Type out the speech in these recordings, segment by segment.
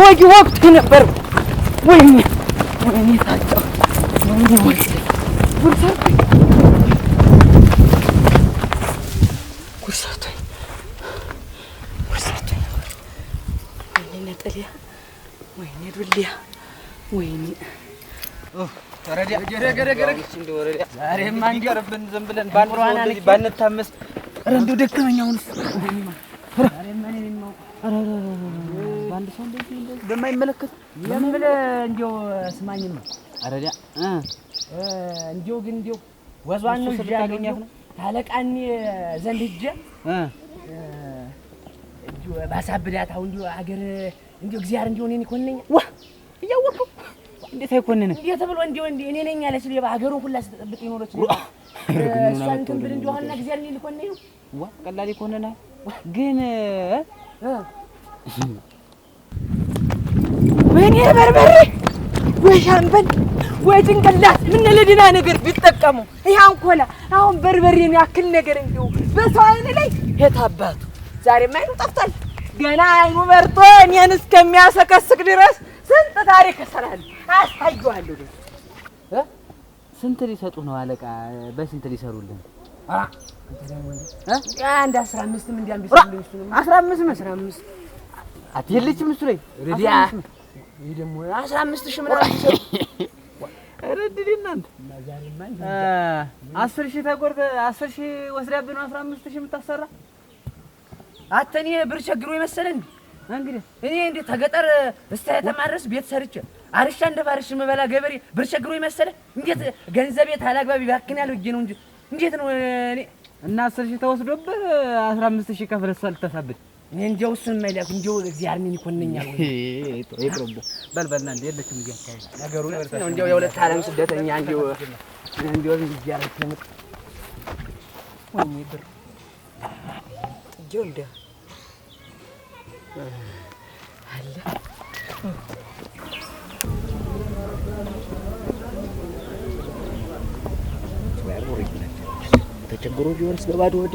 ወጊ ወቅት ነበር። ወይኔ ወይኔ ታጫው ወይኔ ወይኔ ወይኔ አንድ ሰው እንደዚህ እንደዚህ በማይመለከት የምልህ እንደው ስማኝ ነው አረዳ እ እንደው ግን እንደው ወዟን ነው እዚህ ያገኘሁት ነው ታለቃኒ ዘንድ ሂጅ እ እንደው ባሳብዳት አሁን እንደው አገር እንደው እግዚአብሔር እንደው እኔን ይኮንነኛል ዋ እያወቅሁ እንዴት አይኮንንም እንዴት ብሎ እንደው እኔ ነኝ ያለች ሌባ ሀገሩን ሁላ ስትጠብቅ ይኖረች እሷን እንትን ብል እንደው አሁንና እግዚአብሔር እኔን ሊኮንነኝ ዋ ቀላል ይኮንናል ግን እ ወይኔ በርበሬ ወይ ሻምበል ወይ ጭንቅላት ምን ለድና ነገር ቢጠቀሙ ይሄ አንኮላ አሁን በርበሬ ያክል ነገር እንዲሁ በሰው አይን ላይ የታባቱ ዛሬማ አይኑ ጠፍቷል። ገና አይኑ በርቶ እኔን እስከሚያሰከስክ ድረስ ስንት ታሪክ እሰራለሁ፣ አሳየዋለሁ። ስንት ሊሰጡ ነው አለቃ? በስንት ሊሰሩልን? አንድ አስራ አምስትም እንዲያምብስልኝ እሱንም አስራ አምስት አትሄድልሽም እሱ ላይ ይህ ደግሞ አስራ አምስት ሺህ ምናምን እናንተ አስር ሺህ ተቆርጠህ አስር ሺህ ወስዳብህ ነው አስራ አምስት ሺህ የምታሰራ ብር ቸግሮ የመሰለህ እንግዲህ እኔ እንደ ተገጠር እስተ ተማረስ ቤት ሰርቼ አርሻ እንደ ባርሽ የምበላ ገበሬ ብር ቸግሮ የመሰለህ? እንዴት ገንዘብ የት አላግባብ ይባክናል ብዬሽ ነው እንጂ እንዴት ነው እኔ እና አስር ሺህ ተወስዶብህ አስራ አምስት ሺህ ከፍለህ እኔ እንደው እሱን መላክ እንደው እግዚአብሔር ምን ይኮንኛል ወይ? ይቅርብ በል በልና እንደ የለችም እዚህ አካባቢ ነገሩ ነው። እንደው የሁለት ዓለም ስደተኛ እንደው እንደው እግዚአብሔር ትምጥ ወይ ብር ጥጆ እንደ አለ ተቸግሮ ቢሆን ስለባዶ ወደ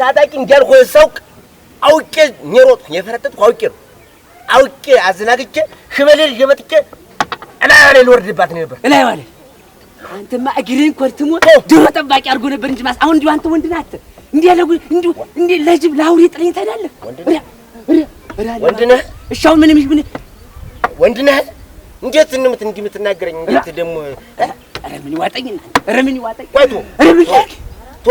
ታጣቂ እንዳልሆነ ሳውቅ አውቄ ኔሮጥኩ የፈረጠጥኩ አውቄ ነው አውቄ አዘናግቼ ሽበሌል ሸመጥቼ እላዋ ላይ ልወርድባት ነበር። እላዋ ላይ አንተማ እግሬን ኮርትሞ ድሮ ጠባቂ አድርጎ ነበር እንጂ ማስ አሁን እንዲሁ አንተ ወንድ ነህ አትል ያለ እንዲሁ እንዲህ ለጅብ ለአውሬ ጥለኝ ትሄዳለህ። ወንድ ነህ? እሺ አሁን ምንም ምን ወንድ ነህ? እንዴት እንምት እንዲህ የምትናገረኝ እንዴት ደግሞ ኧረ ይዋጠኝ ኧረ ይዋጠኝ ቆይ ቶ ቶ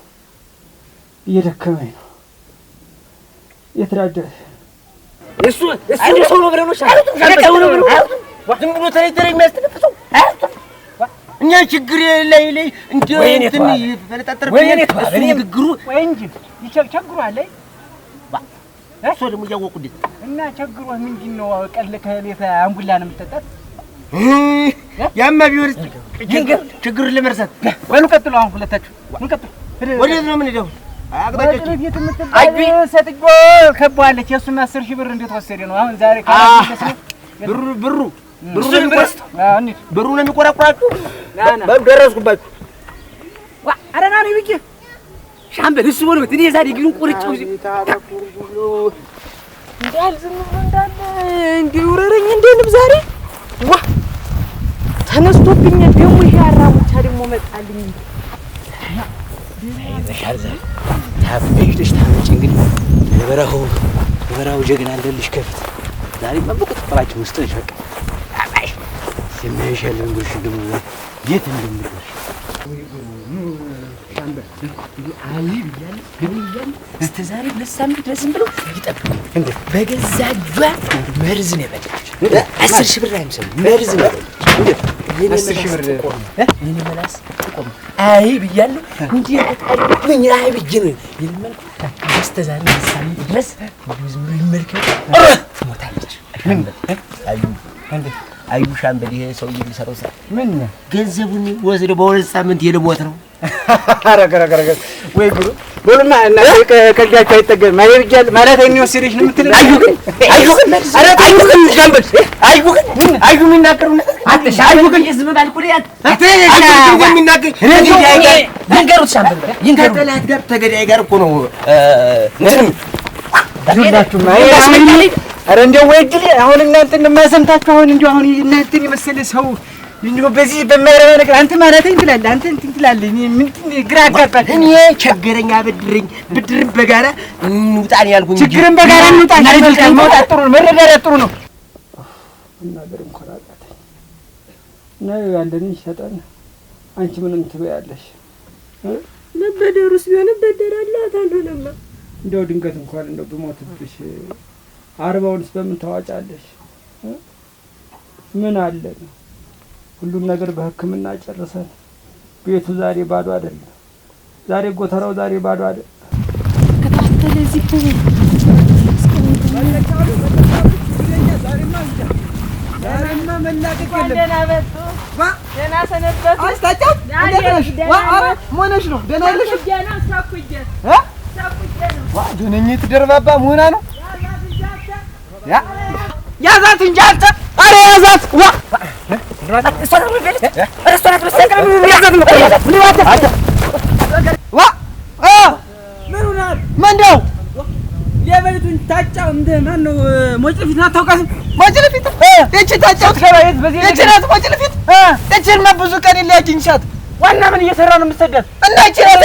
እየደከመኝ ነው። የተዳደ እሱ ሰው ነው ነው እኛ ችግር ላይ ላይ እንደው እንትን ንግግሩ ወይ እንጂ ይቸግሯል። እሱ ደግሞ እና ምንድን ነው ቀል ከቤት ነው የምትጠጣት? ያማ ቢሆን ችግር ለመርሳት ወይ ቀጥሉ። አሁን ሁለታችሁ ወዴት ነው የምንሄደው? ሰጥጆ ከባለች የእሱን አስር ሺህ ብር እንዴት ወሰደ ነው አሁን ዛሬ ብሩ ብሩ ብሩ ነው የሚቆራቁራችሁ። ደረስኩባችሁ። ኧረ ና ነኝ ብዬሽ ሻምበል እሱ በለው እኔ ዛሬ ግን ቆርጬው እንዳል ዝም ብሎ እንዳለ እንዲህ ውረረኝ እንደ ዛሬ ዋ ተነስቶብኛል። ደግሞ ይሄ አራሙቻ ደግሞ መጣልኝ። ይበቃል። ታመጭ እንግዲህ የበረኸው የበረኸው ጀግና አለልሽ ከፊት ዛሬ ጠብቁ ጥራችን ውስጥ ሸቀ የሚያሸልን ጉሽ ደሞ የት እንደምደርሽ እስከ ዛሬ ሁለት ሳምንት ድረስ ብሎ ይጠብቅ በገዛ እጇ መርዝ ነው የበላች። አስር ሺህ ብር አይመስልም መርዝ ነው የበላች። አስር ሺህ ብር እኔ መላስ አትቆም። አይ ብያለሁ እንጂ ጣልኝ። አይ ብዬ ነው ይልመል በስተዛሬ ሳምንት ድረስ ዝም ብሎ ይመልከው። ትሞታለች። አዩሽ አንበል። ይሄ ሰውዬ የሚሰራው ስራ ምን ገንዘቡን ወስዶ በሁለት ሳምንት የልሞት ነው። ረገረገረገ ወይ ብሎ በሉማ ከልጃቸው አይጠገም ማለት የሚወስድሽ ነው የምትለው። አዩ ግን አዩ ግን አዩ ግን ጃምብል አዩ ግን አዩ የሚናገሩ አዩ ግን ከጠላት ጋር ተገዳይ ጋር እኮ ነው እንትንም ሁላችሁም ኧረ እንደው ወይ እድል አሁን እናንተን የማሰምታችሁ አሁን እንደው አሁን እናንተን የመሰለ ሰው እንዲሁ በዚህ በማይረባ ነገር አንተ ማለት እንትላል አንተ እኔ ምን ግራ አጋባል። እኔ ቸገረኝ አበድረኝ ብድርም በጋራ እንውጣን ያልኩኝ ችግርን በጋራ እንውጣን ያልኩኝ መውጣት ጥሩ ነው፣ መረዳዳት ጥሩ ነው። መናገር እንኳን አቃተኝ። ነው ያለን ይሰጠን። አንቺ ምንም ትበያለሽ። መበደሩስ ቢሆን እበደራለሁ። ታልሆነማ እንደው ድንገት እንኳን እንደው ብሞትብሽ አርባውንስ በምን ታዋጫለሽ? ምን አለ ነው ሁሉን ነገር በሕክምና ጨርሰን ቤቱ ዛሬ ባዶ አይደለም። ዛሬ ጎተራው ዛሬ ባዶ አይደለም። ደነኝት ደርባባ መሆና ነው ያዛት እንጂ አንተ ኧረ ያዛት ምንድነው? የበሪቱን ታጫው እንደ ማን ብዙ ቀን ይላያችንሻት ዋና ምን እየሰራ ነው የምትሰደድ እና እቺ ናት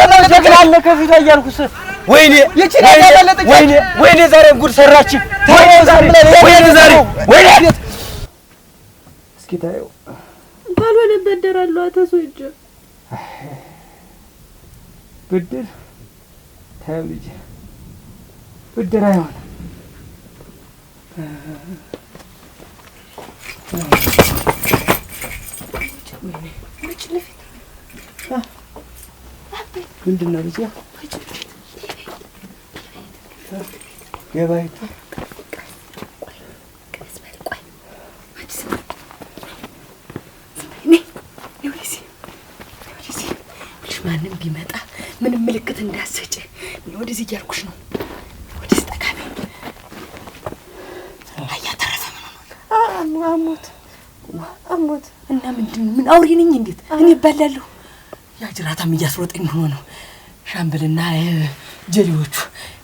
ያለ ከፊቷ እያልኩስ ወይኔ እቺ ናት ወይኔ ወይኔ ዛሬ ጉድ ሰራችን ታዲያ ዛሬ ወይኔ ዛሬ እስኪ ታየው ካልሆነ በደራለሁ። አተሶ እጅ ብድር ታየው ልጅ ብድር አይሆን ምንድን ነው ልጅ የባይቱ ቢመጣ ምንም ምልክት እንዳሰጭ ወደዚህ እያልኩሽ ነው። ወደዚህ ጠቃሚ እያተረፈ ምን ሆነ? አሞት አሞት። እና ምንድን ምን አውሬ ነኝ? እንዴት እኔ እባላለሁ? ያ ጅራታም እያስሮጠኝ ሆኖ ነው። ሻምበልና ጀሌዎቹ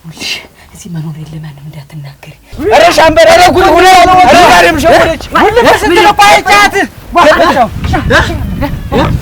ውልሽ እዚህ መኖር የለ እንዳትናገር። እንዳትናገሪ። ኧረ ሻምበል፣ ኧረ ጉድ ጉድ!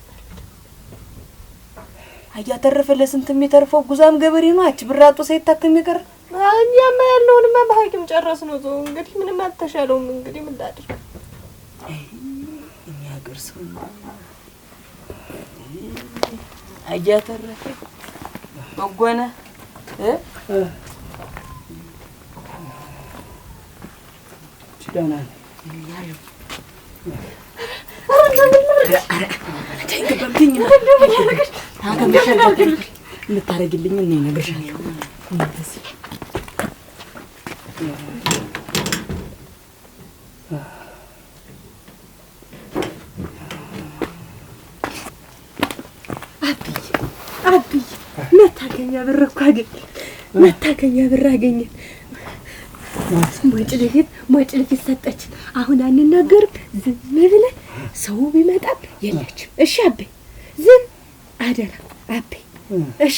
እያተረፈ ለስንት የሚተርፈው ጉዛም ገበሬ ነው። አች ብራጡ ሳይታከም ይቀር እኛማ ያለውንማ በሐኪም ጨረስ ነው። ዞ እንግዲህ ምንም አልተሻለውም። እንግዲህ ምን ላድርግ? እኛ ሀገር ሰው እያተረፈ በጎነ ዳና ረ የምታደርጊልኝ እኔ እነግርሻለሁ። አብይ አብይ መታገኛ ብር እኮ አገኘን፣ መታገኛ ብር አገኘን። ሞጭ ልፊት ሞጭ ልፊት ሰጠች። አሁን አንናገርም፣ ዝም ብለን ሰው ቢመጣም የለችም። እሺ አበይ ዝም አደራ አቤ እሺ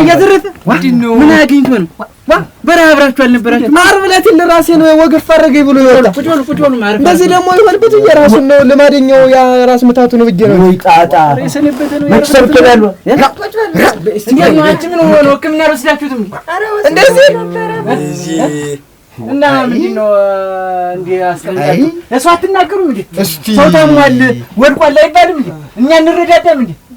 አያዘረፈ ምን አግኝቶ ነው? ዋ በረሀ አብራችሁ አልነበራችሁም? ዓርብ ዕለት ለራሴ ነው ወገፍ አደረገኝ ብሎ ይወላ። ደግሞ ይሆንበት የራሱ ነው ልማደኛው፣ ያ ራስ ምታቱ ነው ብዬ ነው። ጣጣ ሕክምና አልወሰዳችሁትም እንደዚህ እና ምንድን ነው እንዲህ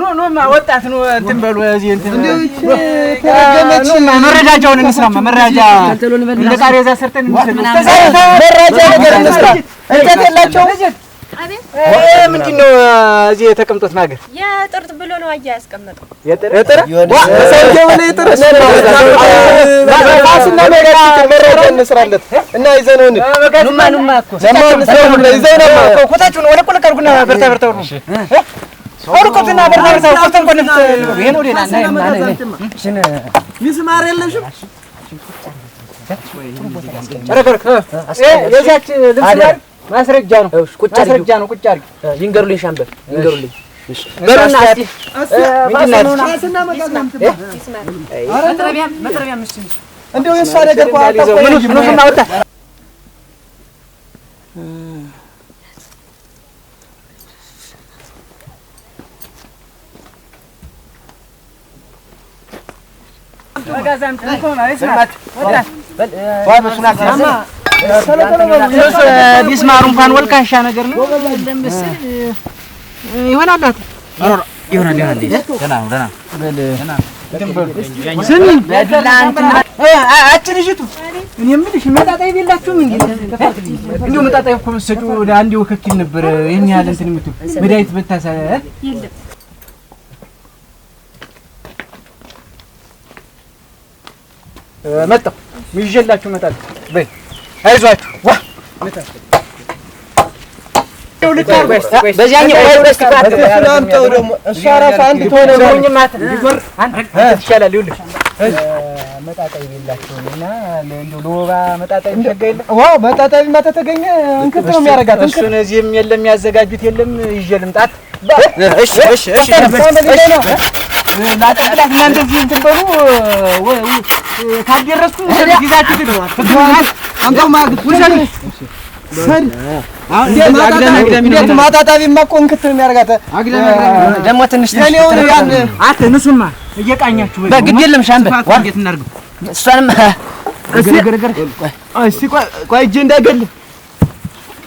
ኖ ኖማ ወጣት ነው እንትን በሉ እዚህ እንትን መረጃጃውን እንስራማ መረጃ እንደ ቃሪያ ሰርተን መረጃ ነገር እንስራ። እንጨት የላቸውም። ምንድን ነው እዚህ የተቀምጦት ማገር የጥርጥ ብሎ ነው አያ ያስቀመጠው የጥር ሰውዬው የጥር ፋስና መጋር መረጃ እንስራለት እና ይዘነው ኑማ ኑማ እኮ ይዘነው ኩታችሁን ወለቆለቅ አድርጉና በርታ በርታ ነው ወርቁትና በርባታ ቆስተን ቆልፍ ይሄን ወዴና ናይ ማነ እሺን ሚስማር የለሽም ማስረጃ ነው። ቁጭ አድርጊ። ይንገሩልኝ ሻምበል ይንገሩልኝ። ቢስማሩ እንኳን ወልካሻ ነገር ነው ይሆናል። አጭር እጅቱ እኔ የምልሽ መጣጣይ የላችሁም? እንዲሁ መጣጣይ እኮ መሰጩ ወደ አንድ ወከኪል ነበር። ይህን ያህል እንትን የምትውል መድኃኒት በታሳ መጣሁ ይዤላችሁ እመጣለሁ። በይ አይዟችሁ። ዋ በዚያኛው አምጠው ደግሞ እሷ እራሷ አንድ ትሆነ ይሻላል። ይኸውልሽ መጣጣይ የላቸውም እና እንደው ለወባ መጣጣይ ሸጋ የለም። ዋው መጣጣይማ ተተገኘ እንክት ነው የሚያደርጋት። እሱን እዚህም የለም ያዘጋጁት የለም። ይዤ ልምጣት። እሺ እሺ እሺ ማጠቅላት እና እንደዚህ እንትን በሉ ካልደረስኩ ጊዜያችሁ ግደዋል። ማጣጣቢማ እኮ እንክት ነው የሚያደርጋት። ደግሞ ትንሽ ንሱማ እየቃኛችሁ በግድ የለም ሻምበል እሷንም እስኪ ቆይ እጄ እንዳይገልም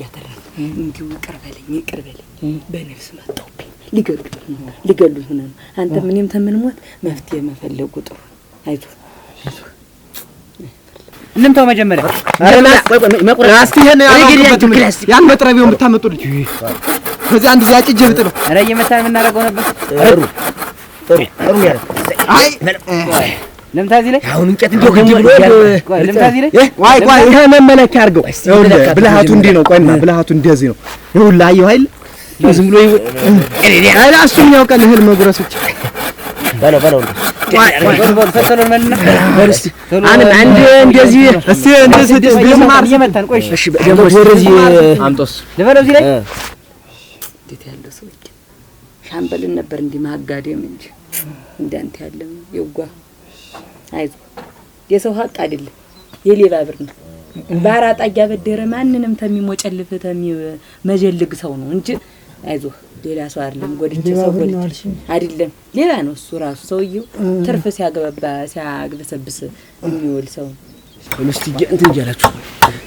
እያተረፈ እንዲሁ ይቅር በለኝ ይቅር በለኝ በነፍስ መጣሁብኝ ሊገሉት ሊገሉት ሆነ ነው። አንተ ምንም ተምንሞት መፍትሄ መፈለጉ ጥሩ አይዞህ እንምታው መጀመሪያ ያን መጥረቢያውን ብታመጡልኝ ከዚህ አንድ ዛጭ እጄ ብጥሉ ኧረ እየመታን የምናደርገው ነበር። ልምታ አድርገው። ብልሃቱ ነው። እንደዚህ ነው። ይኸውልህ፣ አየሁ አይደል? ዝም ብሎ እሱም ያውቃል እህል መጉረስ ብቻ ነበር እንዲህ ማጋዴም እንጂ እንዳንተ ያለም የዋ አይዞ የሰው ሀቅ አይደለም፣ የሌባ ብር ነው። ባራጣ እያበደረ ማንንም ተሚሞጨልፍ ተሚመጀልግ ሰው ነው እንጂ አይዞ ሌላ ሰው አይደለም። ጎድቼ ሰው ጎድቼ አይደለም፣ ሌላ ነው እሱ ራሱ ሰውዬው ትርፍ ሲያገበባ ሲያግበሰብስ የሚውል ሰው ነው። እስቲ እንትን እያላችሁ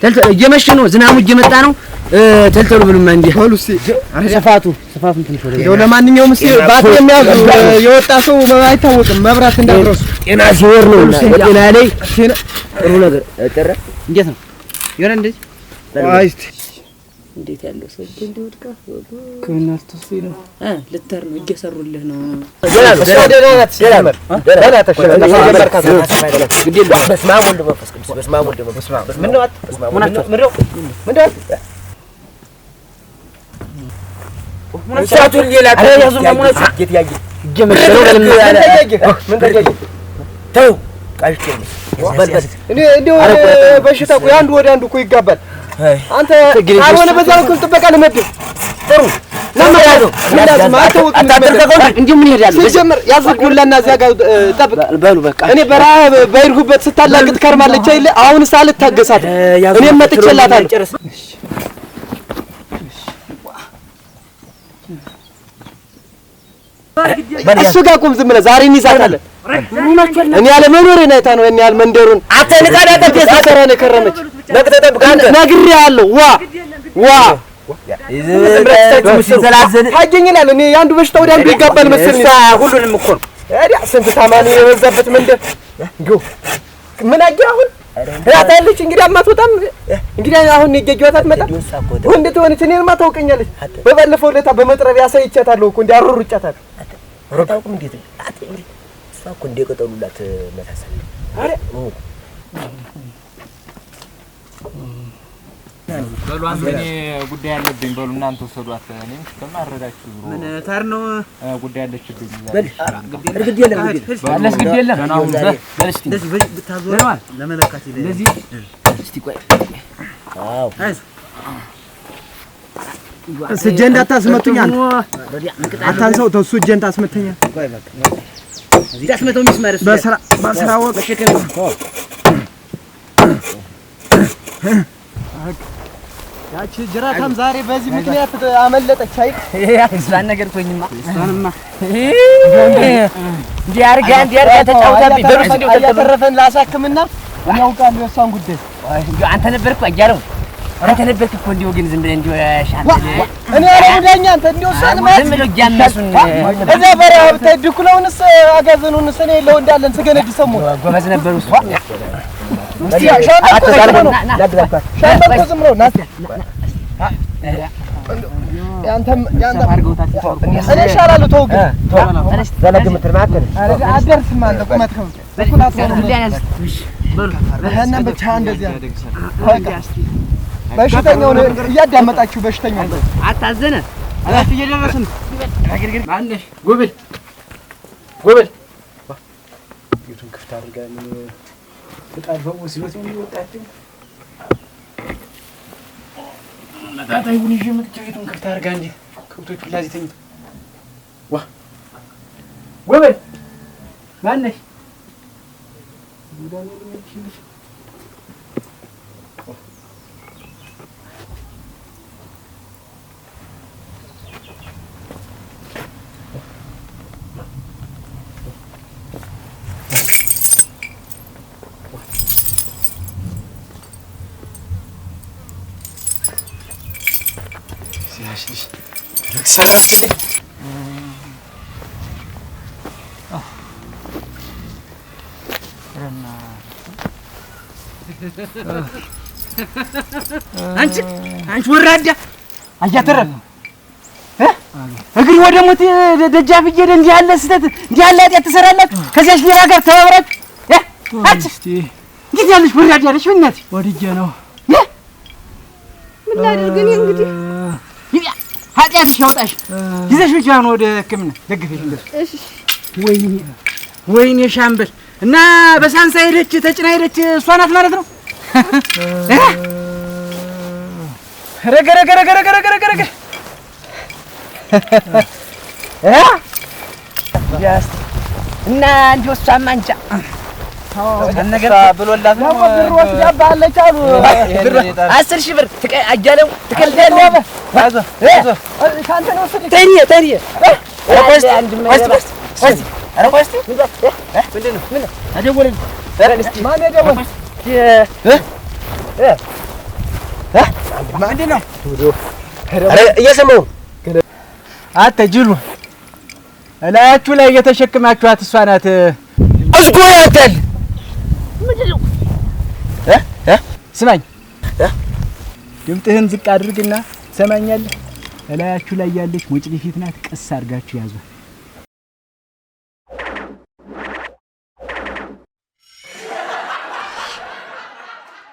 ተልተል እየመሸ ነው፣ ዝናቡ እየመጣ ነው። ተልተሉ ብሉማ እንዴ ሁሉ እስቲ ስፋቱ ስፋቱ እንትን ሾለ ነው። ለማንኛውም እስቲ ባት የሚያዙ የወጣ ሰው አይታወቅም። መብራት እንዳትረሱ። ጤና ሲወር ነው ጤና ላይ ጥሩ ነገር ጠረ እንዴት ነው የሆነ እንደዚህ አይ እስቲ እንዴት ያለው ሰው እንዲወድቃ ሕክምና ልትወስደኝ ነው? ልትሄድ ነው? እየሰሩልህ ነው። ተው በሽታ እኮ ወደ አንዱ እኮ ይጋባል። አንተ ካልሆነ በዛ በኩል ጥበቃ ልመድብ ጥሩ እንዲሁ ምን ይሄዳሉ? ሲጀምር ያዝጉላና እዚያ ጋር ጠብቅ በሉ። በቃ እኔ በረሀብ በሄድኩበት ስታላግጥ ከርማለች አይደል? አሁን ሳልታገሳት እኔም መጥቼላታለሁ። እሱ ጋር ቁም፣ ዝም ብለህ ዛሬ እንይዛታለን። እኔ ያለ መኖሬን አይታ ነው ያን ያህል መንደሩን አተንቃዳ ጠብ የከረመች ነግሬሃለሁ። ዋ ዋ የአንዱ በሽታ ወደ አንዱ ይጋባል መሰለኝ። ሁሉንም እኮ ነው ታዲያ። ስንት ታማሚ የበዛበት መንደር ምን አየህ አሁን እላታለች እንግዲህ አማትወጣም እንግዲህ አሁን የጌጌዋት አትመጣም። ወንድ ትሆነች እኔንማ ታውቀኛለች። በባለፈው ዕለት በመጥረቢያ አሳይቻታለሁ እኮ እንደ አሮሩጫታለሁ። በሉ አንዱ እኔ ጉዳይ አለብኝ። በሉ እናንተ ወሰዷት። እኔ እስከማረዳችሁ ምን ታር ነው ጉዳይ አለችብኝ። በል ግድ የለም ግድ የለም በለስ ብታዞረዋል ለመለካት ለዚህ እጄ እንዳታስመቱኝ። አንተ አታንሳው፣ ያቺ ጅራታም ዛሬ በዚህ ምክንያት አመለጠች። አይ እሷን ነገር ኮኝማ እሷንማ እንዲህ አድርጋ ተጫውታብኝ በሩስ እንዲሁ ተተረፈን ላሳክምና ያውቃሉ የእሷን ጉዳይ አንተ ነበርኩ አያረው አንተ ነበርክ እኮ እንዲሁ ግን ዝም ብለህ እንዲሁ ሻንተ እኔ አረሙዳኛ አንተ እንዲሁ እሷን ማለት ዝም ብለው እያነሱን እዛ በረሃ ብታይ ድኩለውንስ አጋዘኑንስ እኔ የለው እንዳለን ስገነድ ሰሞን ጎበዝ ነበሩ እሷ በሽተኛውን እያዳመጣችሁ በሽተኛውን አታዘነ አላት እየደረስን ጉብል ጉብል ቤቱን ክፍት አድርጋ ተጣልፈው ሲወት ነው የሚወጣቸው። መጣጣይ ቡን ይዤ መጥቼ ቤቱን ክፍት አድርጋ እንጂ ከብቶቹ ላዚህ ተኝቶ ዋ ጎበል ማነሽ 살갑지? 음. አንቺ አንቺ ወራዳ አያተረፍ እግር ወደ ሞት ደጃፍ እየሄደ እንዲህ ያለ ስህተት እንዲህ ያለ ኃጢአት ትሰራላችሁ። ከዚያች ሌላ ጋር ተባብራችሁ አንቺ እንዴት ያለሽ ወራዳ ያለሽ ምነት ወድጄ ነው ምን ላድርግ እኔ እንግዲህ ኃጢአትሽ ያውጣሽ። ይዘሽ ብቻ ወደ ሕክምና ደግፈሽ እንደሱ። ወይኔ ወይኔ ሻምበል እና በሳንሳ ሄደች ተጭና ሄደች። እሷ ናት ማለት ነው። ረገ እና እንዲሁ እሷማ እንጃ ብሎላት ነው ብር ወስዳብሃለች አሉ። አስር ሺህ ብር አያሌው ትከልዳለህ አንተ ጅሉ እላያችሁ ላይ እየተሸክማችኋት እሷ ናት። እስጎ ያንተል ስማኝ፣ ድምፅህን ዝቅ አድርግና ትሰማኛለህ? እላያችሁ ላይ ያለች ወጭ ፊት ናት። ቀስ አድርጋችሁ ያዟል።